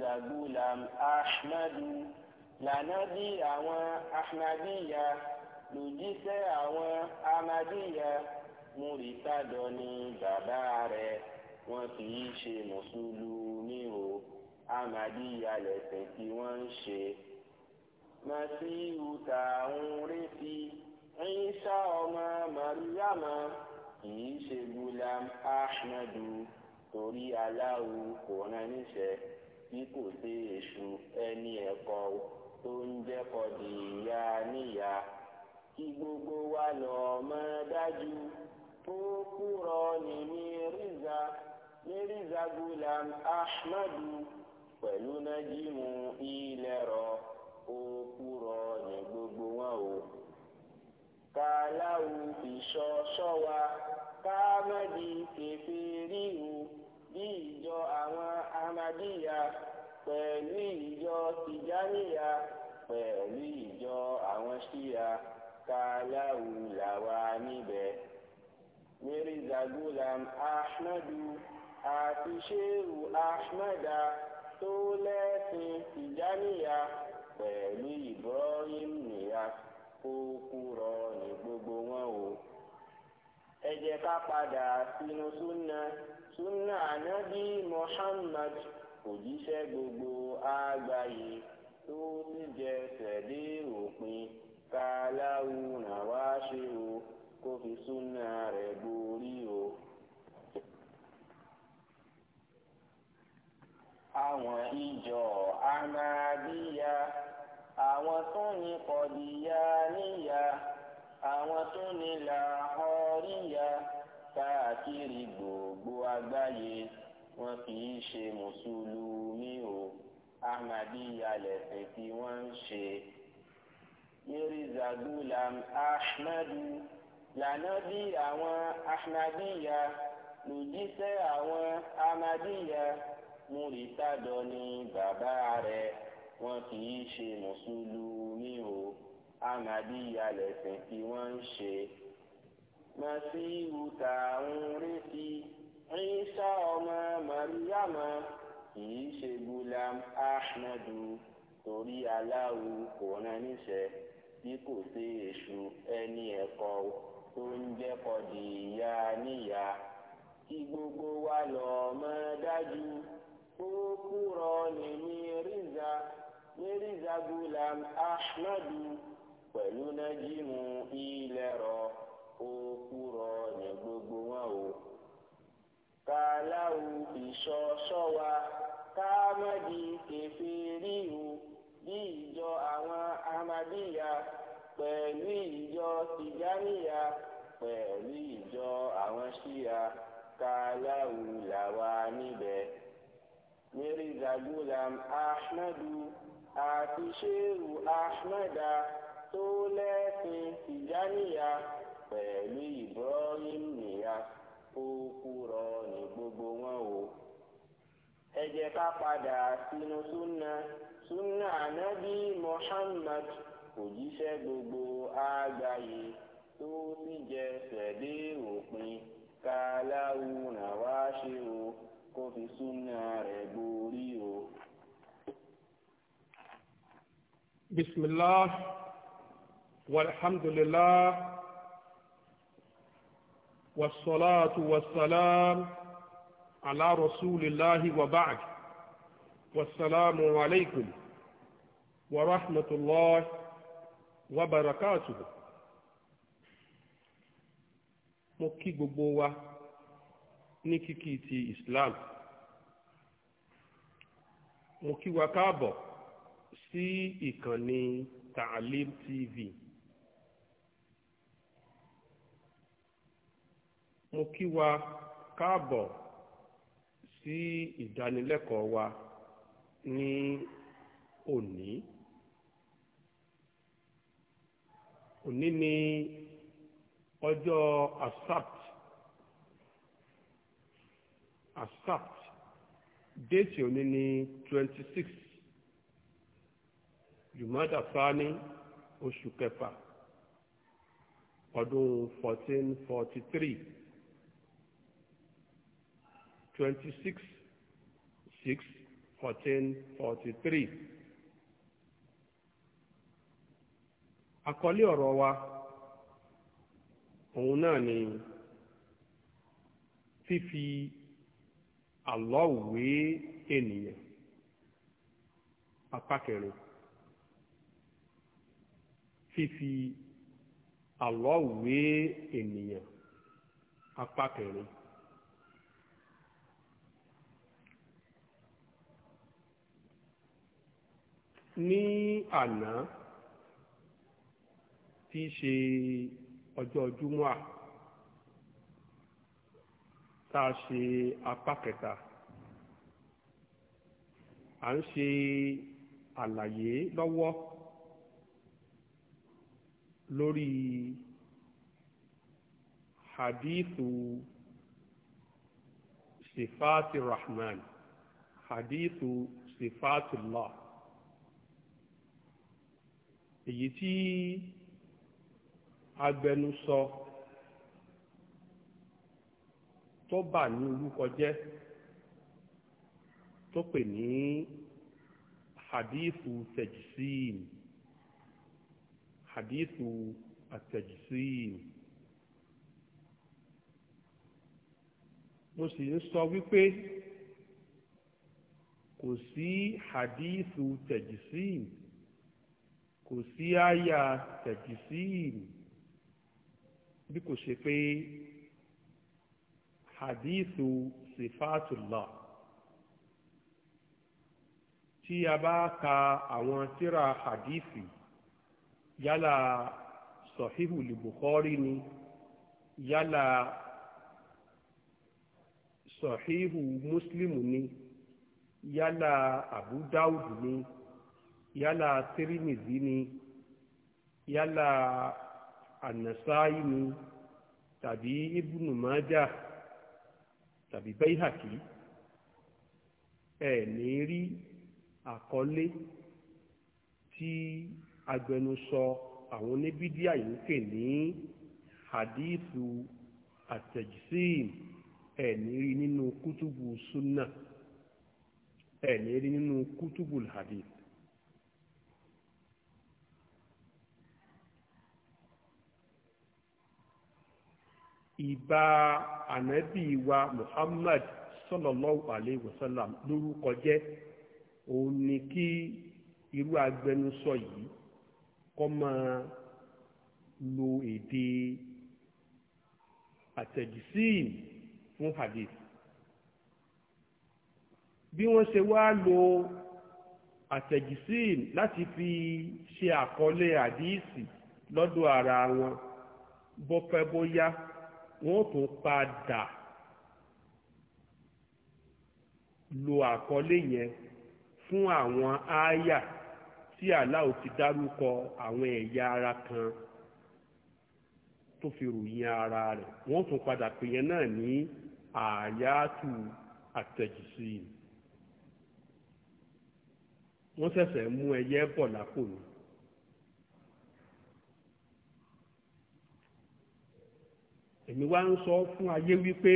mirza gulam ahmadu lànàbí àwọn ahmadiyya lòjíṣẹ́ àwọn ahmadiyya múritádọ ni bàbá rẹ̀ wọn kì í ṣe mùsùlùmí o ahmadiyya lẹ̀sìn tí wọ́n ń ṣe. masihu tààrùn retí Ìsá ọmọ mariama kì í ṣe gulam ahmadu torí aláwo kò rán níṣẹ́ bí kò sí èṣù ẹni ẹ̀kọ́ tó ń jẹ́kọ̀ di ìyá níyà kí gbogbo wa lọ mọ̀ dájú ó kúrọ ní mírízà mírízà gulam ahmadu pẹ̀lú nájímù ilẹ̀ rọ ó kúrọ ní gbogbo wọn o kàláwù ìṣọṣọ wa ká má di kẹfẹ ríru bí ìjọ àwọn ahmadiyya pẹ̀lú ìjọ tijaniya pẹ̀lú ìjọ àwọn ṣíya káláwù làwa níbẹ̀. mirza gulam ahmadu àti shehu ahmada tó lẹ́sìn tijaniya pẹ̀lú ibrahim nìyà kó kúrọ ní gbogbo wọn o. ẹ jẹ́ ká padà sínú súnà súnà ànábì Muhammad òjíṣẹ́ gbogbo àgbáyé tó ti jẹsẹ̀ dé òpin ká láwùrán wá ṣe o kó fi súnà rẹ̀ borí o. àwọn ìjọ Ahmadiyya àwọn tó ní kọdíyà níyà. àwọn tó ní làhọ́ríyà káàkiri gbogbo àgbáyé wọn kì í ṣe mùsùlùmí o ahmadiyya lẹ̀sìn tí ń ṣe. mirza ahmadu lànábì àwọn ahmadiyya lòjíṣẹ́ àwọn ahmadiyya múrítàdọ́ ni bàbá rẹ̀ wọn kì í ṣe mùsùlùmí o amadiya lẹ̀sìn tí wọ́n ń ṣe. masiru tá à ń retí Ìsá ọmọ mariama kì í ṣe gulam ahmadu torí aláwo kò rán níṣẹ́ bí kò sí èṣù ẹni ẹ̀kọ́ tó ń jẹ́kọ̀ di ìyá níyà kí gbogbo wa lọ mọ̀ dájú ó kúrọ ní mírízà mírízà gulam Ahmedu pẹ̀lú nájímù ilẹ̀rọ òkúrọ̀ yẹn gbogbo wọn o. kàláwù ìṣọ́ ṣọ́wa káàmọ́dì kẹfẹ́ríhù bí ìjọ àwọn amadíyà pẹ̀lú ìjọ tìjáníyà pẹ̀lú ìjọ àwọn ṣíyà kàláwù làwa níbẹ̀. Mirza zagulam Ahmadu àti Shehu Ahmada. tó lẹ́sìn tìjáníyà pẹ̀lú Ibrahim nìyà ó kúrọ ní gbogbo wọn o. ẹ jẹ́ ká padà sínú súnà súnà ànábì Muhammad gbogbo àgbáyé tó sì jẹsẹ̀ dé òpin káláwù náà wá ṣe o kó fi súnà rẹ̀ borí والحمد لله والصلاة والسلام على رسول الله وبعد والسلام عليكم ورحمة الله وبركاته مكي kí نككيتي إسلام مكي kíkí سي Islam mo تي في mo kí wa káàbọ̀ sí ìdánilẹ́kọ̀ọ́ wa ní òní òní ni ọjọ́ asapt asapt déètì òní ni twenty six jùmọ́dà fani oṣù kẹfà ọdún fourteen forty three twenty six six fourteen forty three. àkọlé ọ̀rọ̀ wa òun náà ni fífi Allah wé ènìyàn apá kẹrin fífi Allah ènìyàn apá kẹrin. ní àná tí í ṣe ọjọ́ júmọ́à tá a ṣe apá kẹta à ń ṣe àlàyé lọ́wọ́ lórí hadithu sifati rahman hadithu sifatullah èyí tí agbẹnusọ tó bà ní orúkọ jẹ́ tó pè ní hadithu tẹ̀jísìn hadithu àtẹ̀jísìn mo sì ń sọ wípé kò sí hadithu tẹ̀jísìn kò sí àyà tẹ̀jìsíìmù bí kò ṣe pé hadithu sifatullah tí a bá ka àwọn tíra hadithi yálà sọ̀híhù lìbùkọ́rí ni yálà sọ̀híhù muslim ni yálà àbúdáwùdù ni yálà tírímìdì ni yálà ànàsáyí ni tàbí ibùnú májà tàbí bẹ́hàkì ẹ ní rí àkọlé tí agbẹnusọ àwọn oníbídíà yìí ń pè ní hadithu àtẹ̀jísìm ẹ ní rí nínú kútùbù sunna ẹ ní rí nínú kútùbù hadith ìbá ànábì wa Muhammad sallallahu alayhi wa sallam lórúkọ jẹ́ òun ni kí irú agbẹnusọ yìí kọ́ máa lo èdè àtẹ̀jísìn fún hadith bí wọ́n ṣe wá lo àtẹ̀jísìn láti fi ṣe àkọlé hadisi lọ́dọ̀ ara wọn bó pẹ́ bó wọ́n tún padà lo àkọlé yẹn fún àwọn ááyà tí aláwo ti dárúkọ àwọn ẹ̀yà ara kan tó fi ròyìn ara rẹ̀ wọ́n tún padà pè yẹn náà ní àyàtù àtẹ̀jísí wọ́n ṣẹ̀ṣẹ̀ mú ẹyẹ bọ̀ lápò ni. èmi wá ń sọ fún ayé wípé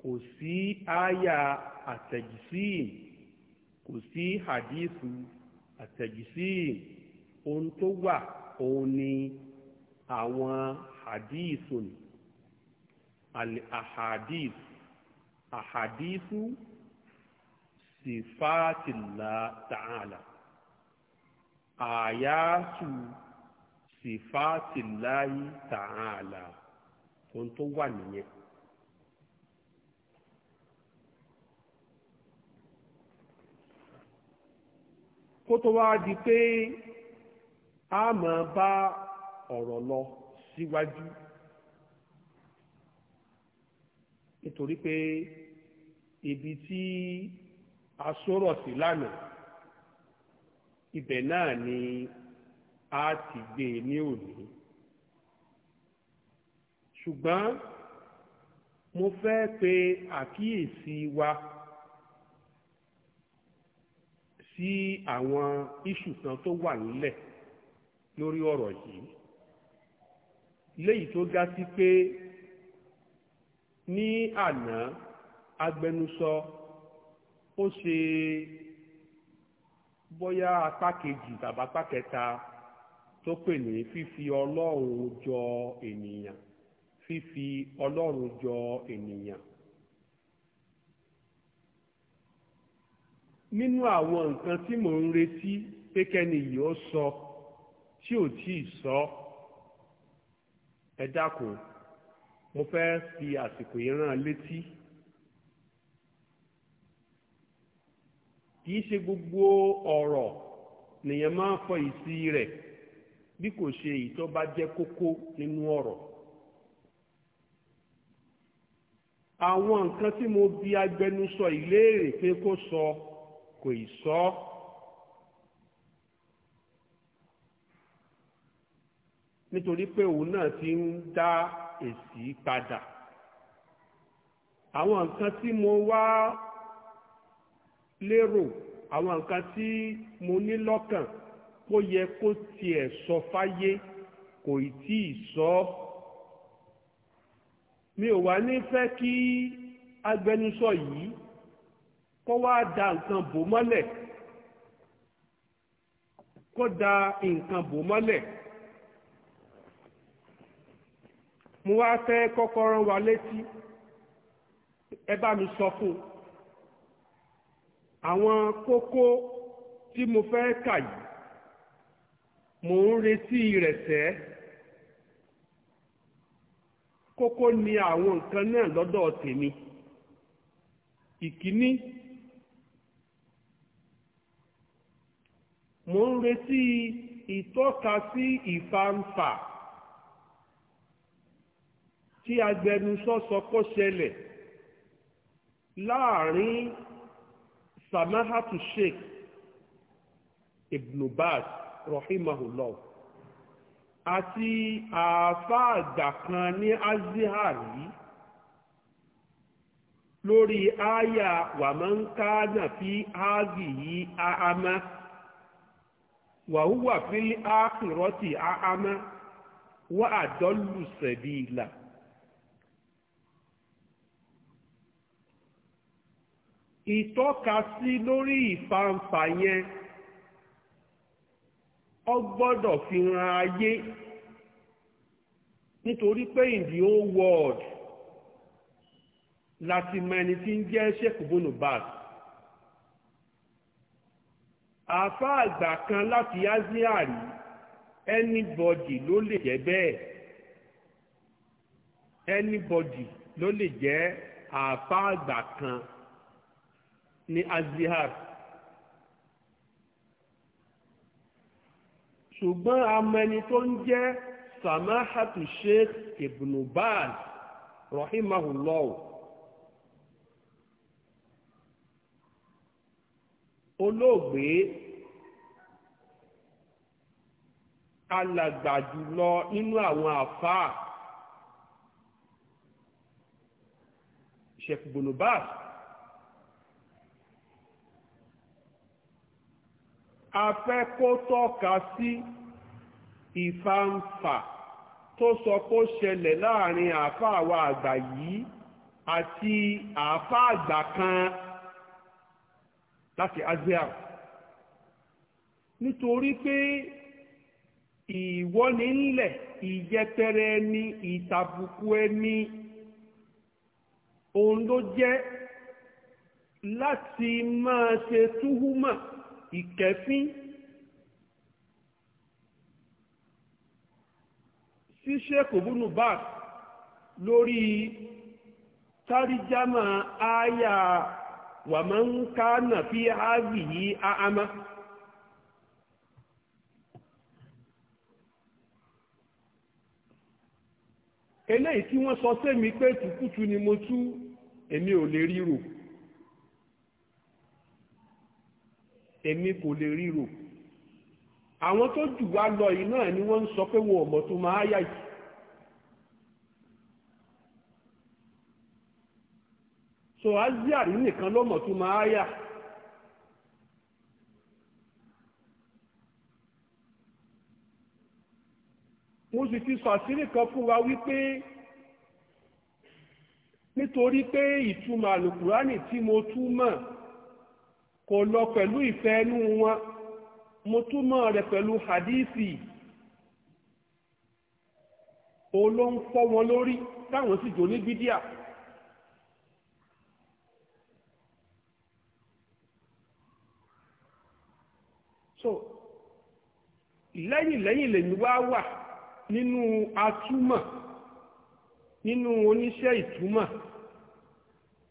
kò sí àyà àtẹ̀jísìn kò sí hadithu àtẹ̀jísìn ohun tó wà òun ni àwọn hadithun al-ahadith ahadithu sifatila ta'ala ayatu sifatillahi ta'ala ohun tó wà nìyẹn. kó tó wá di pé a máa bá ọ̀rọ̀ lọ síwájú nítorí pé ibi tí a sọ̀rọ̀ sí lánàá ibẹ̀ náà ni a ti gbé e ní òní ṣùgbọ́n mo fẹ́ pe àkíyèsí wa sí àwọn iṣu kan tó wà nílẹ̀ lórí ọ̀rọ̀ yìí léyìí tó ga sí pé ní àná agbẹnusọ ó ṣe bóyá apá kejì tàbí apá kẹta tó pè ní fífi ọlọ́run jọ ènìyàn fífi ọlọ́run jọ ènìyàn nínú àwọn nǹkan tí mò ń retí pé kẹ́ni yìí ó sọ tí ò tí ì sọ ẹ dákun mo fẹ́ fi àsìkò yìí rán létí kì í ṣe gbogbo ọ̀rọ̀ nìyẹn máa ń fọ ìsí rẹ̀ bí kò ṣe ìtọ́ bá jẹ́ kókó nínú ọ̀rọ̀. àwọn nǹkan tí mo bi agbẹnusọ ìléèrè pé kó sọ kò ì sọ nítorí pé òun náà ti ń dá èsì padà àwọn nǹkan tí mo wá lérò àwọn nǹkan tí mo ní lọ́kàn kó yẹ kó tiẹ̀ sọ fáyé kò ì tí ì sọ ọ́ mi ò wá ní fẹ́ kí agbẹnusọ yìí kó wá da nǹkan bò mọ́lẹ̀ kó da nǹkan bò mọ́lẹ̀ mo wá fẹ́ kọ́kọ́ wa létí ẹ bá mi sọ fún un àwọn kókó tí mo fẹ́ kà yìí mò ń retí rẹ̀ sẹ́ẹ́ kókó ni àwọn nǹkan náà lọ́dọ̀ tèmi ìkíní mo ń retí ìtọ́ka sí ìfàǹfà tí agbẹnusọ sọ kó ṣẹlẹ̀ láàrin samahatu sheikh ibn baz rahimahullah àti àáfàá àgbà kan ní azihari lórí aya àyà wàmọ́ńkáàdà fi áàgì yìí àhámá wàhúwà fílí áàkìrọ́tì àhámá wà àdọ́lù sẹ̀bìlà. ìtọ́ka sí lórí ìfàǹfà yẹn ọ gbọ́dọ̀ fi hàn ayé nítorí pé in the whole world láti mọ ẹni tí ń jẹ́ sheikh bono bas àáfàá àgbà kan láti asia rí anybody ló lè jẹ́ bẹ́ẹ̀ anybody ló lè jẹ́ àáfàá àgbà kan ní asia rí. ṣùgbọ́n amẹni tó ń jẹ́ samahatu sheikh ibn baz rahimahullah olóògbé alàgbà jùlọ nínú àwọn àfáà sheikh ibn baz a fẹ́ kó tọ́ka sí ìfàǹfà tó sọ kó ṣẹlẹ̀ láàrin àáfàá wa àgbà yìí àti àáfàá àgbà kan láti azia nítorí pé ìwọ́ni ńlẹ̀ ìyẹpẹrẹ ẹni ìtàbùkù ẹni òun ló jẹ́ láti máa ṣe túhúmọ̀. ìkẹ́fín sí sheikh obunubak lórí táríjámà ááyà nà fi áàbì yìí áhámá. eléyìí tí wọ́n sọ sẹ́mi pé tùkútù ni mo tú èmi ò lè ríro. èmi kò lè ríro àwọn tó jù wá lọ yìí náà ni wọ́n ń sọ pé wọn ò tó máa yà yìí so aziari nìkan ló mọ̀ tó máa yà mo sì ti sọ àṣírí kan fún wa wípé nítorí pé ìtumọ̀ àlùkùránì tí mo túmọ̀ kò lọ pẹ̀lú ìfẹ́ ẹnu wọn mo túmọ̀ rẹ̀ pẹ̀lú hadithi òun ló ń fọ́ wọn lórí táwọn sì jò ní bídíà. so lẹ́yìn lẹ́yìn lèmi wá wà nínú atúmọ̀ nínú oníṣẹ́ ìtúmọ̀.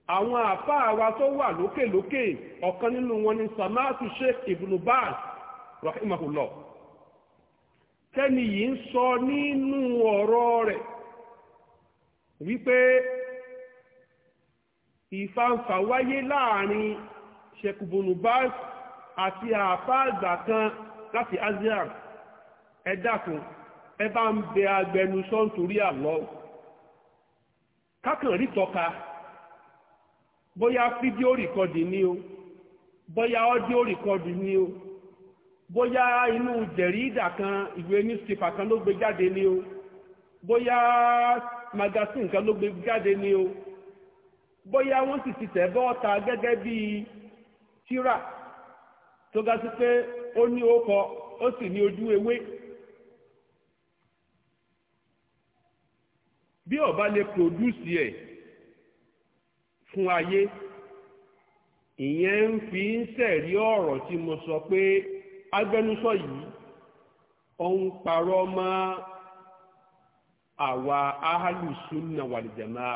àwọn àpá wa tó wà lókè lókè ọ̀kan nínú wọn ni samatu sheik ibn baz rahimahullah tẹ́ni yìí ń sọ nínú ọ̀rọ̀ rẹ̀ wípé ìfàǹfà wáyé láàrin sheik ibn baz àti àpá àgbà kan láti azean ẹ dákun ẹ bá ń bẹ agbẹnusọ nítorí àlọ́ kákan rí tọ́ka bóyá fídíò rìkọ́dì ni o bóyá ọ́díò rìkọ́dì ni o bóyá inú jẹ̀rídà kan ìwé newspaper kan ló gbé jáde ni o bóyá magazine kan ló gbé jáde ni o bóyá wọ́n sì ti tẹ̀ bọ́ọ̀ta gẹ́gẹ́ bí tírà tó ga sí pé ó ní orúkọ ó sì ní ojú ewé. bí ọba lè pòdúsì ẹ̀ fún ayé ìyẹn ń fi ń sẹ̀rí ọ̀rọ̀ tí mo sọ pé agbẹnusọ yìí ó ń parọ́ mọ́ àwa ahalùsùnà wàlìjàmá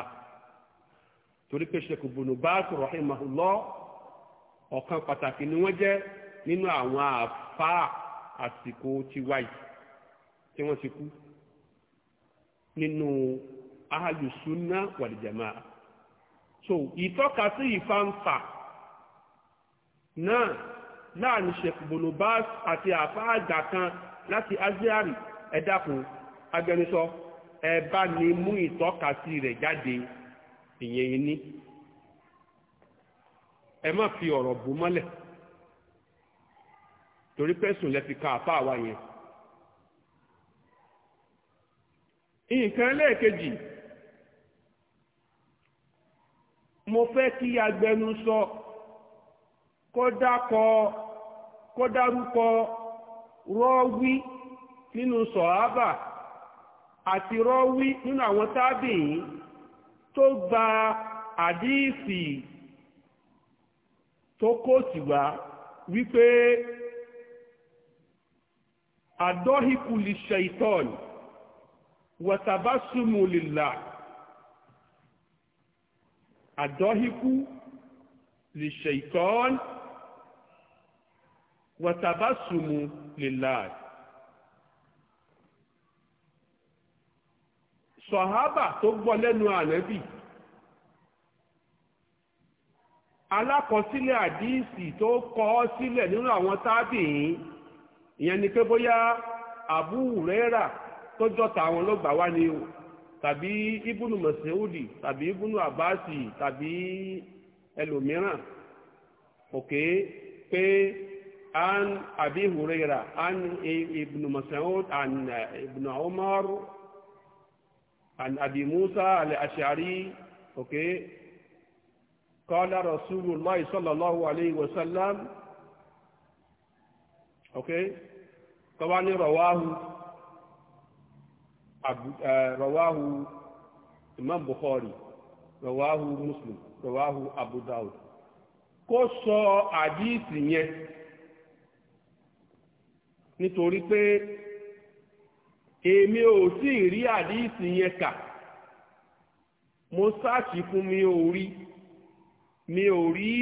torí pé ṣe kò bá sọ̀rọ̀ rahimahullah ọ̀kan pàtàkì ni wọ́n jẹ́ nínú àwọn àfáà àsìkò tiwa yìí tí wọ́n ti kú nínú so ìtọ́kasí ìfanfà náà láàrin ṣèkùbùnú báàs àti àfá àgbà kan láti aziari ẹ dákun agbẹnusọ ẹ bá ní mú ìtọ́kasí rẹ̀ jáde ìyẹn ní ẹ má fi ọ̀rọ̀ bù mọ́lẹ̀ torí pẹ́sùn lẹ fi ka àfá àwa yẹn nǹkan ẹlẹ́ẹ̀kejì mo fẹ́ kí agbẹnusọ kó dákọ dárúkọ rọ́wí nínú sọ̀hábà àti rọ́wí nínú àwọn tábìyìn tó gba àdíìsì tó kóòtì wá wípé àdọ́hìkù lè ṣe ìtọ́ni wọ̀tàbásùmù lè àdọ́híkú lè ṣe ìkọ́ọ́n wàtàbásùmù lè láàyè. sọ̀hábà tó gbọ́ lẹ́nu ànábì alákọsílẹ̀ àdíìsì tó kọ ọ́ sílẹ̀ nínú àwọn tábìyìn ìyẹn ni pé bóyá àbúrẹ́rà tó jọta àwọn ló wá ni tàbí ibùnú mọ̀sẹ́wùdì tàbí ibùnú àbáàsì tàbí ẹlòmíràn òkè pé an àbí hùrẹ́ra an ibùnú mọ̀sẹ́wùd an ibùnú Umar an àbí Musa al-Ash'ari òkè qala Rasulullah sallallahu alayhi wa sallam òkè tọ́wá ní rọ̀wáhù. Eh, rawahu imam bukhari rawahu muslim rawahu abu dawud kó sọ àdíìsì yẹn nítorí pé èmi ò tí ì rí àdíìsì yẹn kà mo sáàtì fún mi ò rí mi ò rí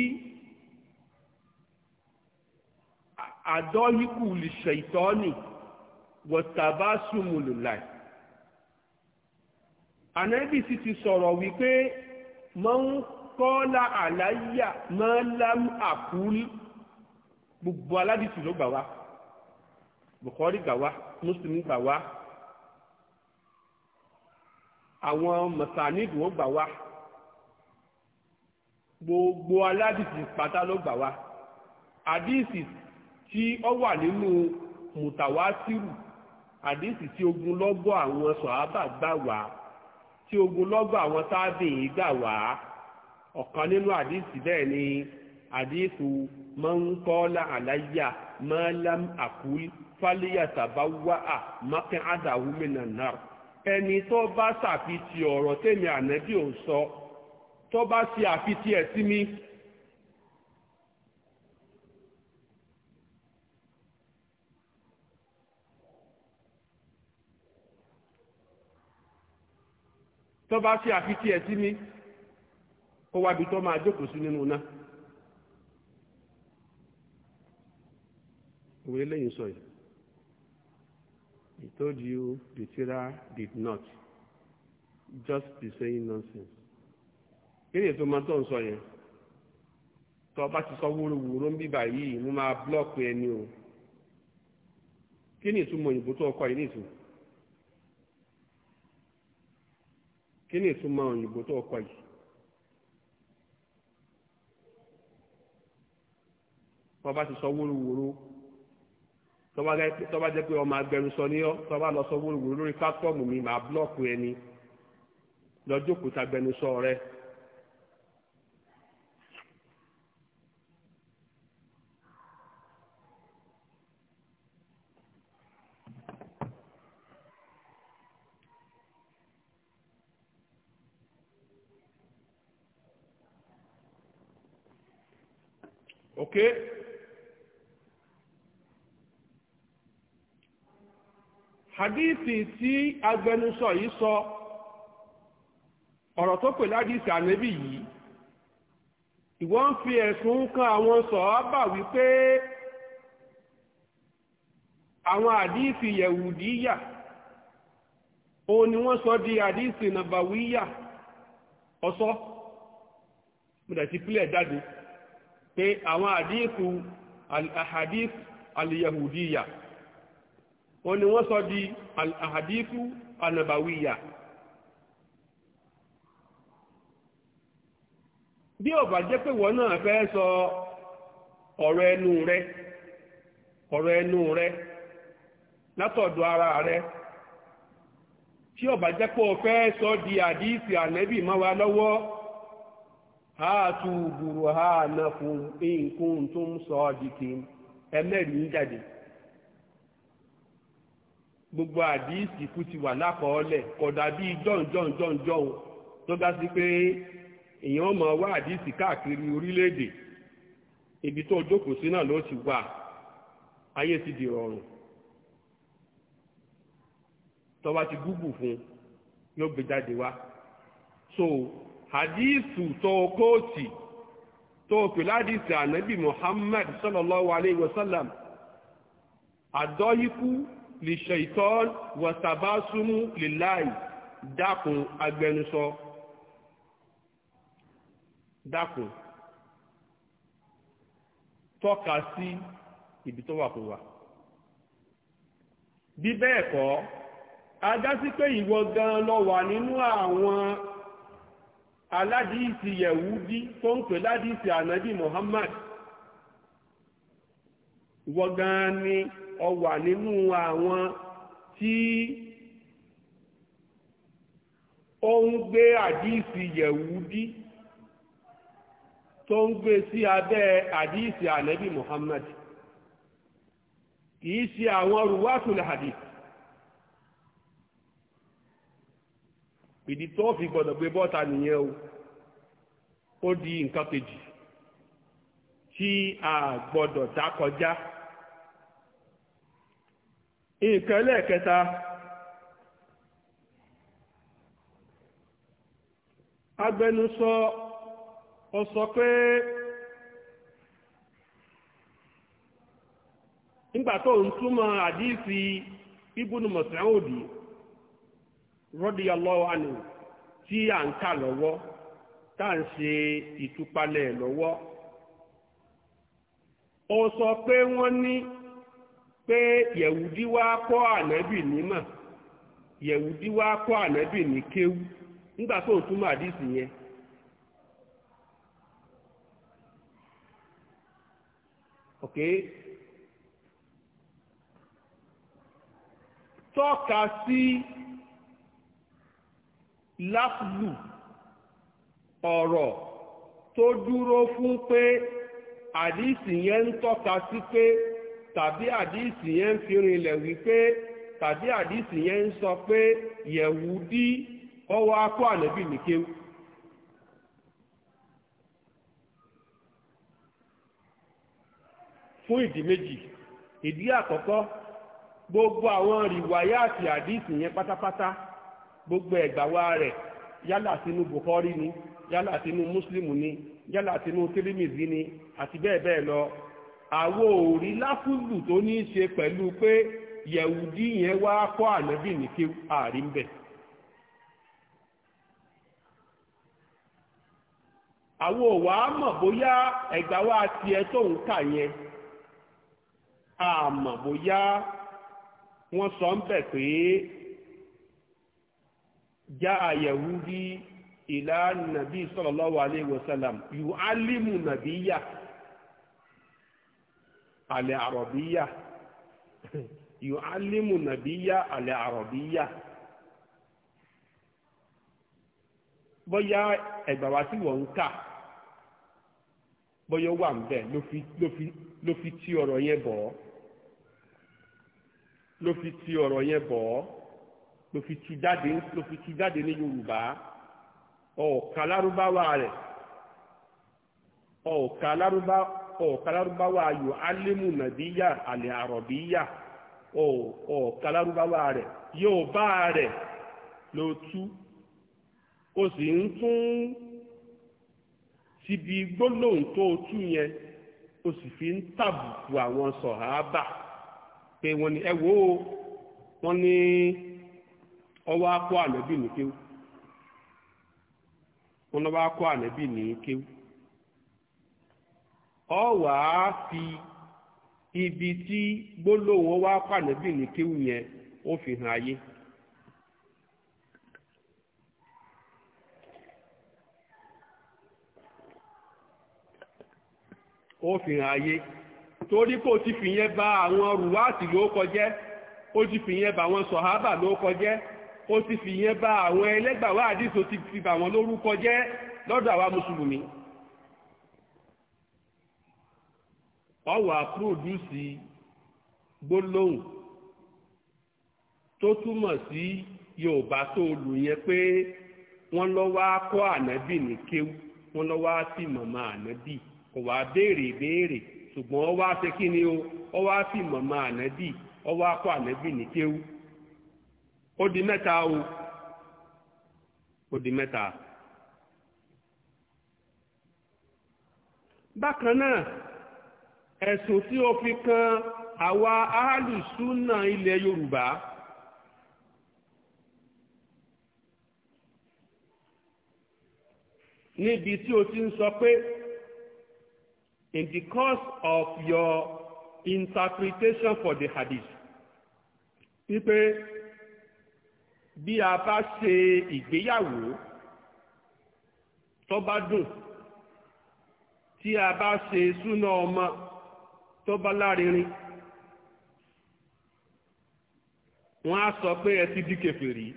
àdọ́yíkù lìṣẹ̀ ìtọ́ni wọ̀tàbá súnmùlùláì ànábì sì ti sọ̀rọ̀ wípé mọ́ ń kọ́lá àláyà mọ́ lám àkúl gbogbo aládìsí ló gbà wá Bukhari gbà wá Muslim gbà wá àwọn mọ̀sánìdì wọ́n gbà wá gbogbo aládìsí pátá ló gbà wá àdìsí tí ó wà nínú mùtàwásírù àdìsí tí ogunlọ́gọ̀ àwọn sọ̀hábà gbà wá tí ogunlọ́gọ̀ àwọn tábìlì gbà wá ọ̀kan nínú àdìsí bẹ́ẹ̀ ni àdìsí mọ́ńkọ́lá àláyà mọ́lám àkúl fálíyàtàbáwá à mọ́kàn àdàwù mìnà náà ẹni tó bá ṣàfitì ọ̀rọ̀ tèmi ànábì ò sọ tó bá ṣe àfitì ẹ̀ sí mi. tó bá ṣe àfitì ẹ̀ sí mi kó wábi tó máa jókòó sí nínú náà òwe lẹ́yìn sọ yìí he told you the tira did not just be saying nonsense kí ni ètò ọmọ tó ń sọ yẹn tó bá ti sọ wúrúwúrú ń bíbà yìí mo máa blọ́ọ̀kì ẹni o kí ni ìtumọ̀ òyìnbó tó ọkọ yìí ní ìtumọ̀ kí ni ìtumọ̀ òyìnbó tó kọ yìí tọ́ba ti sọ wóróworó tọ́ba jẹ́ pé ọmọ agbẹnusọ ní ọ́ tọ́ba lọ sọ wóróworó lórí pátọ́ọ̀mù mi màá búlọ́ọ̀kù ẹni lọ́jọ́ òkúta agbẹnusọ rẹ̀. Ok. hadithi tí agbẹnusọ yìí sọ ọ̀rọ̀ tó pè ládìsí ànẹ́bì yìí ìwọ́n ń fi ẹ̀sùn kan àwọn sọ̀ọ́bà wípé àwọn àdìsí yẹ̀wùdíyà o ni wọ́n sọ di àdìsí nàbàwíyà ọ̀sọ́ mo ti pílẹ̀ jáde. pé àwọn àdínkù al-ahadith al-yahudiya wọn ni wọ́n sọ di al-ahadith anabawiya bí ó jẹ́ pé wọ́n náà fẹ́ sọ ọ̀rọ̀ ẹnu rẹ ọ̀rọ̀ ẹnu rẹ látọ̀dọ̀ ara rẹ tí ó jẹ́ pé fẹ́ sọ di àdíìsì ànẹ́bì máa wá lọ́wọ́ ha burhanakum in kuntum sadiqin ẹlẹ́rìí ń jáde gbogbo àdíìsì kú ti wà lákọọ́lẹ̀ kódà bíi jọ̀njọ̀njọ̀njọ̀n tó dá sí pé èèyàn máa wá àdíìsì káàkiri orílẹ̀-èdè ibi tó jókòó sí náà ló ti wà ayé ti di rọrùn tọ́ba ti gúgù fún yóò gbé jáde wá so hadithu tó kóòtì tó pè ládìsì ànábì muhammad sallallahu alayhi wa sallam àdọ́yíkú lè ṣaitan wàtàbásúmú lillahi dákun agbẹnusọ dákun tọ́ka sí ibi tó wà fún wa bí bẹ́ẹ̀ kọ́ a dá sí pé ìwọ gan lọ wà nínú àwọn aládìísì yẹ̀wúdí tó ń pè ládìísì ànábì Muhammad ìwọ gan ni ọ nínú àwọn tí ó ń gbé àdìísì yẹ̀wúdí tó ń gbé sí abẹ́ àdìísì ànábì Muhammad kìí ṣe àwọn rúwátùlẹ̀ àdìísì ìdí tó fi gbọdọ gbé bọ́ta nìyẹn o ó di nǹkan kejì tí a kọjá nǹkan agbẹnusọ ọ sọ pé nígbà tó ń túmọ̀ ibùdó radiyallahu anhu tí à ń kà lọ́wọ́ tá à ń ṣe ìtúpalẹ̀ lọ́wọ́ ó sọ pé wọ́n ní pé yẹ̀wùdí wá kọ́ ànábì nímọ̀ yẹ̀wùdí wá kọ́ ànábì ní kéwú nígbà tó ń túmọ̀ àdìsí yẹn tọ́ka sí. Si, láfùlù ọ̀rọ̀ tó dúró fún pé àdíìsì yẹn ń tọ́ka sí pé tàbí àdíìsì yẹn ń fi rinlẹ̀ wípé tàbí àdíìsì yẹn ń sọ pé yẹ̀wù dí ọwọ́ akọ́ ànábì nìkéwù. fún ìdí méjì ìdí àkọ́kọ́ gbogbo àwọn rìwáyà àti àdíìsì yẹn pátápátá gbogbo egbawa wa rẹ̀ yálà sínú Bukhari ni yálà sínú Muslim ni yálà sínú Tirimizi ni àti bẹ́ẹ̀ bẹ́ẹ̀ lọ àwo òrí láfúlù tó ní í ṣe pẹ̀lú pé yẹ̀wùdí yẹn wá kọ́ ànábì ní kí àárín bẹ̀. àwo òwà mọ̀ bóyá ẹ̀gbà tiẹ̀ tó ń kà yẹn àmọ̀ bóyá wọ́n sọ ń bẹ̀ pé جاء يهودي إلى النبي صلى الله عليه وسلم يعلم نبيه العربية يعلم نبيه العربية bóyá ẹ̀gbà bi ya wọ́n ń kà bóyá wà ń bẹ̀ ló fi ló fi ti ló fi tu jáde ní yorùbá ọ̀ọ̀ka lárúbáwá rẹ̀ ọ̀ọ̀ka lárúbá ọ̀ọ̀ka lárúbáwá àlẹ́ àrọ̀bíyà ọ̀ọ̀ka lárúbáwá rẹ̀ yóò bá rẹ̀ ló tú o sì ń tún síbi gbólóhùn tó tú yẹn o sì fi ń tàbùkù àwọn pé wọ́n ẹ ọwa akọ ànábì ní kéwú wọn lọ́wọ́ akọ ànábì ní fi ibi tí gbólóhùn ọwa akọ ànábì ní kéwú yẹn ó fi hàn ayé. ó torí kò ti fìyẹn bà àwọn rùwáàtì ló kọjẹ́ ó ti fìyẹn bà àwọn sọ̀hábà ló kọjẹ́ ó ti fìyẹn bà àwọn ẹlẹ́gbàwá àdìsó ti fi bà wọ́n lórúkọ jẹ́ lọ́dọ̀ àwa mùsùlùmí ọwà púròdúsì gbólóhùn tó túmọ̀ sí yorùbá tó lù yẹn pé wọ́n lọ wá kọ́ ànábì ní kéwú wọ́n lọ wá sí màmá ànábì kò wá béèrè béèrè ṣùgbọ́n ó di mẹ́ta o ó di mẹ́ta. bákan náà ẹ̀sùn tí ó fi kan àwa aálùsúnà ilẹ̀ yorùbá níbi tí o ti ń sọ pé in the course of your interpretation for the hadith wípé bí a bá ṣe ìgbéyàwó tó bá dùn tí a bá ṣe súná ọmọ tó bá lárinrin wọ́n á sọ pé ẹ ti di kèfèrí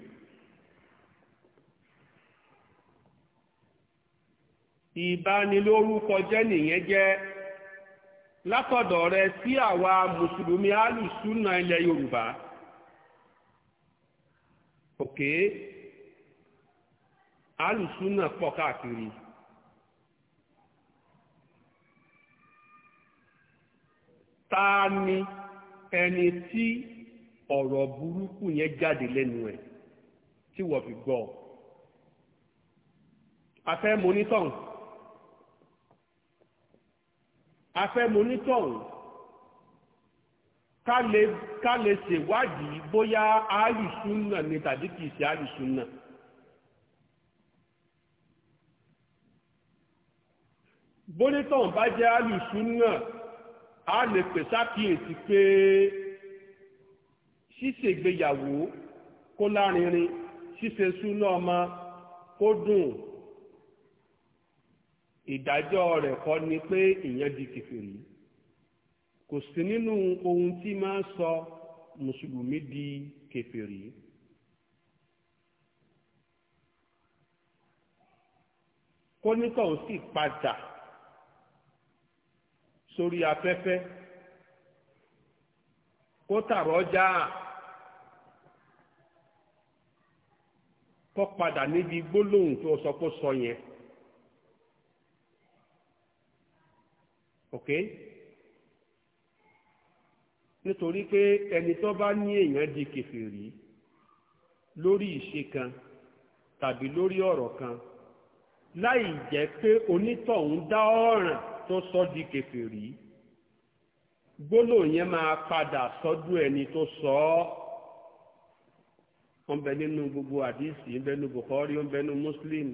ìbanilórúkọ jẹ́ nìyẹn jẹ́ látọ̀dọ̀ rẹ sí àwa mùsùlùmí alùsùnà ilẹ̀ yorùbá òkè alùsùnà pọ̀ káàkiri ta ni ẹni tí ọ̀rọ̀ burúkú yẹn jáde lẹ́nu ẹ̀ tí wọ́n fi gbọ́ afẹ́ monítọ̀hún afẹ́ monítọ̀hún ká lè ṣèwádìí bóyá alùsùnà ni tàbí kìí ṣe alùsùnà. bónítàn bá jẹ́ alùsùnà a lè pè sákìyèsí pé ṣíṣègbéyàwó kó lárinrin ṣíṣe súná ọmọ kó dùn ìdájọ́ rẹ̀ kọ́ ni pé ìyẹn di kìfìrí kò sí nínú ohun tí máa sọ mùsùlùmí di kèfèrí. kónítọ̀hún sì padà sórí afẹ́fẹ́ kó tàrọ́jà kó padà níbi gbólóhùn tó sọ kó sọ yẹn. Okay? nítorí pé ẹni tó bá ní èèyàn di kèfèrí lórí ìṣe kan tàbí lórí ọ̀rọ̀ kan láì jẹ́ pé onítọ̀hún dá ọ̀ràn tó sọ di kèfèrí gbólóhùn yẹn máa padà sọ́dún ẹni tó sọ ọ́ wọ́n bẹ nínú gbogbo àdìsí ń bẹ nínú Bukhari ń bẹ nínú Muslim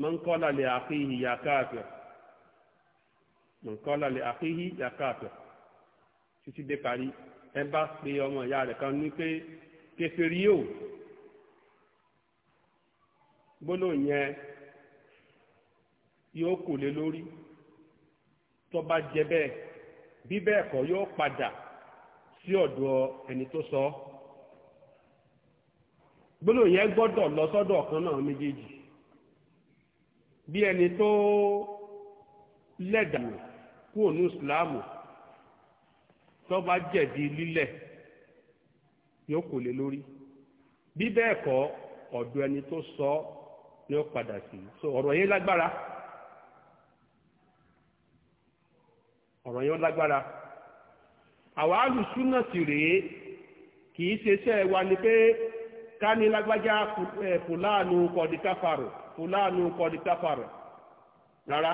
man qala li akhihi ya kafir man qala li akhihi ya kafir títí dé parí ẹ bá pe ọmọ ìyá rẹ̀ kan ní pé kèfèrí o gbólóhùn yẹn yóò kò lé lórí tó bá jẹ bẹ́ẹ̀ bí bẹ́ẹ̀ kọ́ yóò padà sí ọ̀dọ̀ ẹni tó sọ ọ́ gbólóhùn yẹn gbọ́dọ̀ lọ sọ́dọ̀ ọ̀kan náà méjèèjì bí ẹni tó lẹ́dàá kúrò ní ìsìláàmù tó bá jẹ̀bi lílẹ̀ yóò kò lé lórí bí bẹ́ẹ̀ kọ́ ọ̀dọ̀ ẹni tó sọ ni ó padà sí so ọ̀rọ̀ yẹn lágbára ọ̀rọ̀ yẹn lágbára àwa alùsúnà sì rèé kì í ṣe iṣẹ́ wa ni pé ká ní lágbájá fúláàánú kọ̀díkáfàrò fúláàánú kọ̀díkáfàrò rárá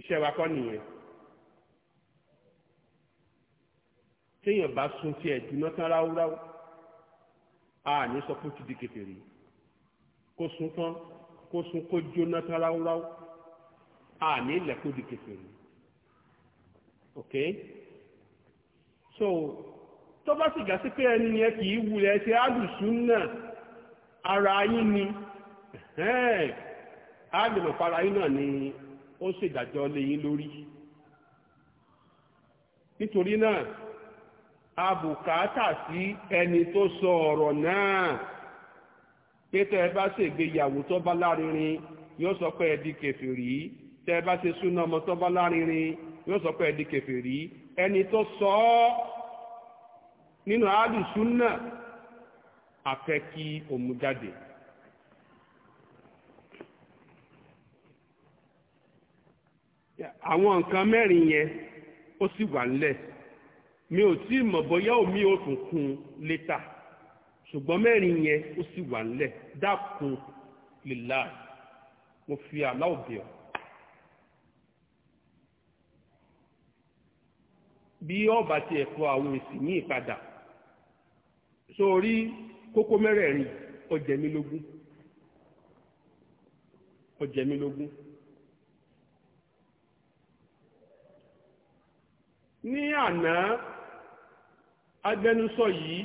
iṣẹ́ wa kọ́ nìyẹn. téèyàn bá sun tiẹ̀ dùnà tán ráúráú a ní sọ pé ó ti di kèfèrí kó sun tán kó sun kó jóná tán ráúráú a ní ilẹ̀ kó di kèfèrí ok so tó bá sì gà sí pé ẹni yẹn kì í wulẹ̀ ṣe alùsùn náà ara yín ni àgbẹ̀mọ̀ para yín náà ni ó ṣèdájọ́ lé yín lórí nítorí náà. abùkátà sí ẹni tó sọ ọ̀rọ̀ náà pété ẹ bá ṣègbéyàwó tó bá lárinrin yóò sọ pé ẹ di kèfèrí tẹ bá ṣe súná ọmọ tó bá lárinrin yóò sọ pé ẹ di ẹni tó sọ nínú àádùsùn náà kí jáde. àwọn nǹkan mẹ́rin yẹn ó sì wà mi ò tí ì mọ̀ bóyá omi ò tún kún létà ṣùgbọ́n mẹ́rin yẹn ó sì wà nílẹ̀ dákun lèlá mo fi àlá òbí ọ. bí ọba ti ẹ̀kọ́ àwọn èsì ní ìpadà sórí kókó mẹ́rẹ̀ẹ̀rin ọjẹ̀mílógún ọjẹ̀mílógún. ní àná agbẹnusọ yìí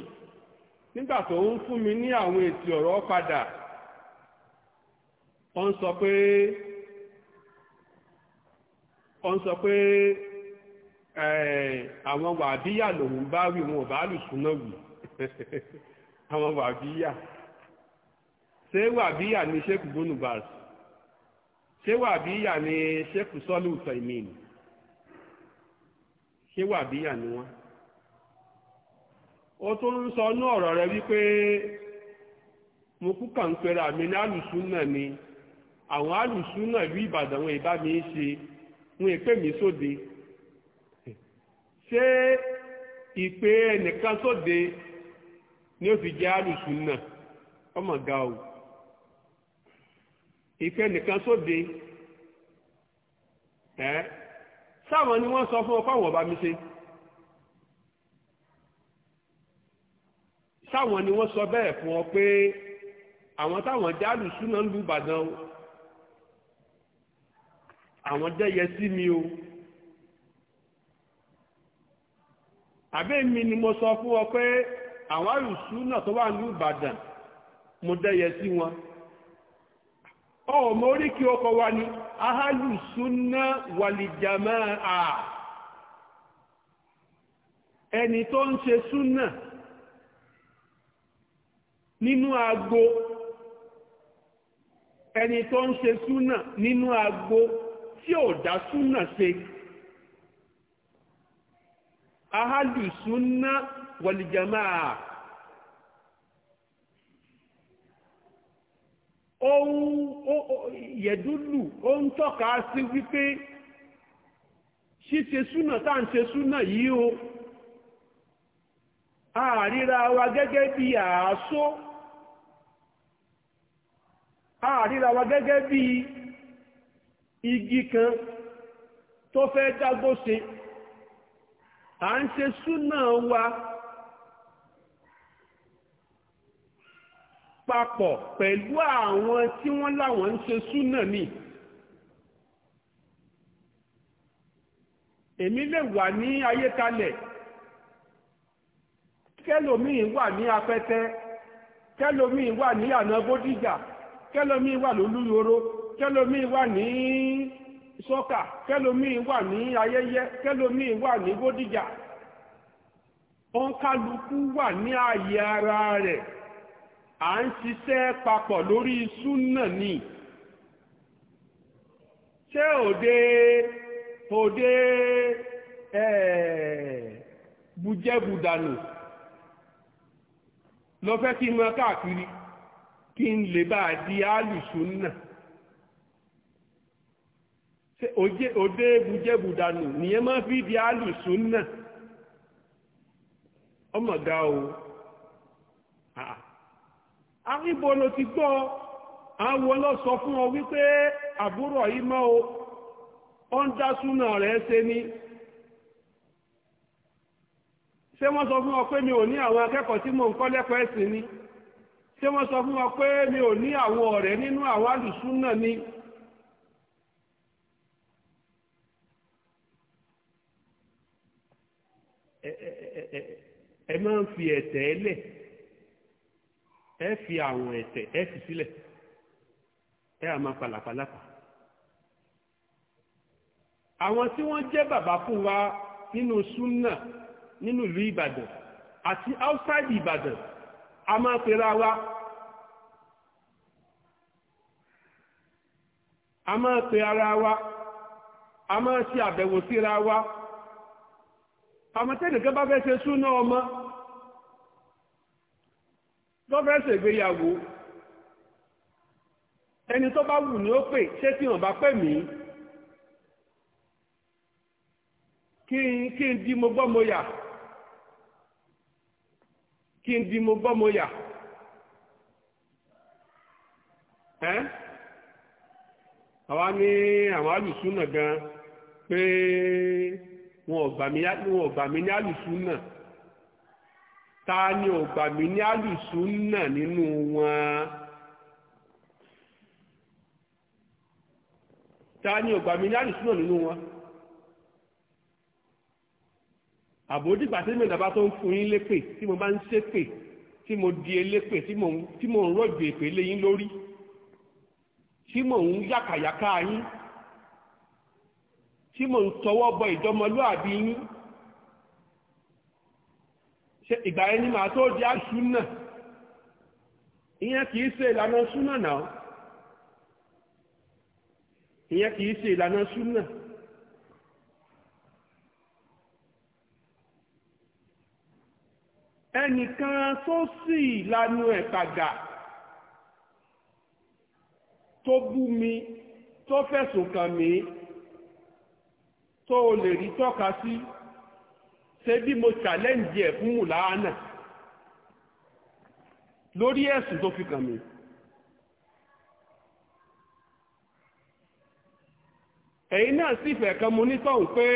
nígbà tó ń fún mi ní àwọn èsì ọ̀rọ̀ padà ó ń sọ pé àwọn wàbíyà lòun bá wí wọn bá lùsùnà wì àwọn wàbíyà ṣé wàbíyà ni sheikh bonubas ṣé wàbíyà ni ó tún ń sọ inú ọ̀rọ̀ rẹ wípé mo kú kàn pera mi ní náà ni àwọn náà ìlú ìbàdàn wọn ìbá mi ṣe wọn èpè mi sóde ṣé ìpè ẹnìkan sóde ni ó fi jẹ́ náà ọmọ ga o ìpè ẹnìkan sóde ẹ sáwọn ni wọ́n sọ fún ọ fáwọn ọba mi ṣe. sáwọn ni wọ́n sọ bẹ́ẹ̀ fún ọ pé àwọn táwọn jálù súná ń lu Ìbàdàn o àwọn jẹ́yẹ sí mi o àbẹ́ mi ni mo sọ fún ọ pé àwọn àrùsù náà tó wà ní Ìbàdàn mo dẹ́yẹ sí wọn ọ mo orí kí ọkọ̀ wa ni ahálùsù náà ẹni tó ń ṣe súnà nínú agbo ẹni tó ń ṣe súnà nínú agbo tí ò dá súnà ṣe ahálù súnà wọ̀lìjàmá ohun yẹ̀dúlù ó ń tọ́ka sí wípé ṣíṣe súnà tá ń ṣe súnà yìí o àríra wa gẹ́gẹ́ bí àásó àríra wa gẹ́gẹ́ bí igi kan tó fẹ́ dágbó ṣe à ń ṣe súnà wa papọ̀ pẹ̀lú àwọn tí wọ́n láwọn ń ṣe súnà mi èmi lè wà ní ayékalẹ̀ kẹ́lòmíì wà ní apẹ́tẹ́ kẹ́lòmíì wà ní àná bódìjà kẹlòmí wà lólúyòrò kẹlọmi wà ní sọ́kà kẹlọmi wà ní ayẹyẹ kẹlọmi wà ní bódìjà ọ̀nkálukú wà ní ààyè ara rẹ̀ à ń ṣiṣẹ́ papọ̀ lórí súnà ni ṣé òde òde bùjẹ́bùdànù lọ fẹ́ kí n mọ káàkiri kí n lè bá a di alùsùnà òde bujẹ́budànù nìyẹn máa fi di alùsùnà ọmọ ga o àríbo ah. ah, ló ti gbọ́ àwọn ah, lọ sọ fún ọ wípé àbúrò yìí mọ́ o ó ń dá súnà rẹ̀ ṣe ni ṣé wọ́n sọ fún ọ pé mi ò ní àwọn akẹ́kọ̀ọ́ tí mò ń kọ́ lẹ́kọ̀ọ́ ni ṣé wọ́n sọ fún wọn pé mi ò ní àwọn ọ̀rẹ́ nínú àwọn àlùsùn náà ni. ẹ máa ń fi ẹ̀tẹ̀ ẹ lẹ̀ ẹ fi àwọn ẹ̀tẹ̀ ẹ fi sílẹ̀ ẹ àmà pàlàpàlàpà. àwọn tí wọ́n jẹ́ bàbá fún wa nínú súnà nínú ìlú Ìbàdàn àti outside Ìbàdàn a máa pera wa a máa pe ara wa a máa ṣe àbẹ̀wò síra wa àmọ́tẹ́nìkan bá fẹ́ ṣe súná ọmọ tó fẹ́ ṣe ṣègbéyàwó ẹni tó bá wù ní ó pè ṣé tí wọ́n bá pè mí kí n kí n di mo gbọ́ mo yà. kí n di mo gbọ́ mo yà ẹ́ àwa ní àwọn alùsùnà gan pé wọn ò gbà mí ní ta ni ò gbà mí ní nínú wọn ta ni ò gbà mí ní nínú wọn. àbòdìgbà tí mẹ́ta bá tó ń fún yín lépè tí mo bá ń ṣépè tí mo di elépè tí mo tí mo ń rọ̀jò èpè léyìn lórí tí mo ń yàkàyàkà yín tí mo ń tọwọ́ bọ ìjọmọlúàbí yín ṣe ìgbà yẹn ni màá tó di àṣù náà ìyẹn kì í ṣe ìlànà súnà náà ìyẹn kì í ṣe ìlànà súnà ẹnìkan tó sì lanu ẹ̀ tàgà tó bú mi tó fẹ̀sùn kàn mí tó o lè rí tọ́ka sí ṣe bí mo challenge ẹ̀ fún mùláánà lórí ẹ̀sùn tó fi kàn mí. ẹ̀yin náà sì fẹ́ kan mo ní pé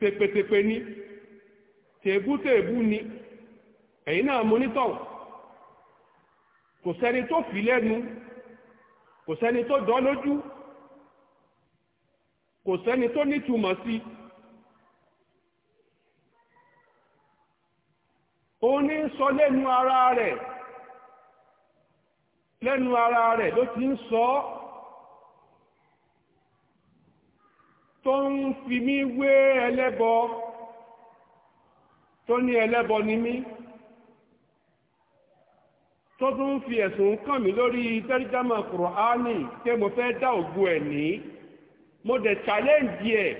tẹpẹtẹpẹ ní. tèbútèbú ni ẹ̀yin náà monítọ̀ kò sẹ́ni tó fi lẹ́nu kò sẹ́ni tó dán lójú kò sẹ́ni tó nítumọ̀ sí ó ní sọ lẹ́nu ara rẹ̀ lẹ́nu ara rẹ̀ ló ti ń sọ tó ń fi mí wé ẹlẹ́bọ tó ní ẹlẹ́bọ ni mí tó tún ń fi ẹ̀sùn kàn mí lórí tẹ́rígámà kùrọ̀ánì pé mo fẹ́ dá ògbó ẹ̀ ní mo dẹ̀ challenge ẹ̀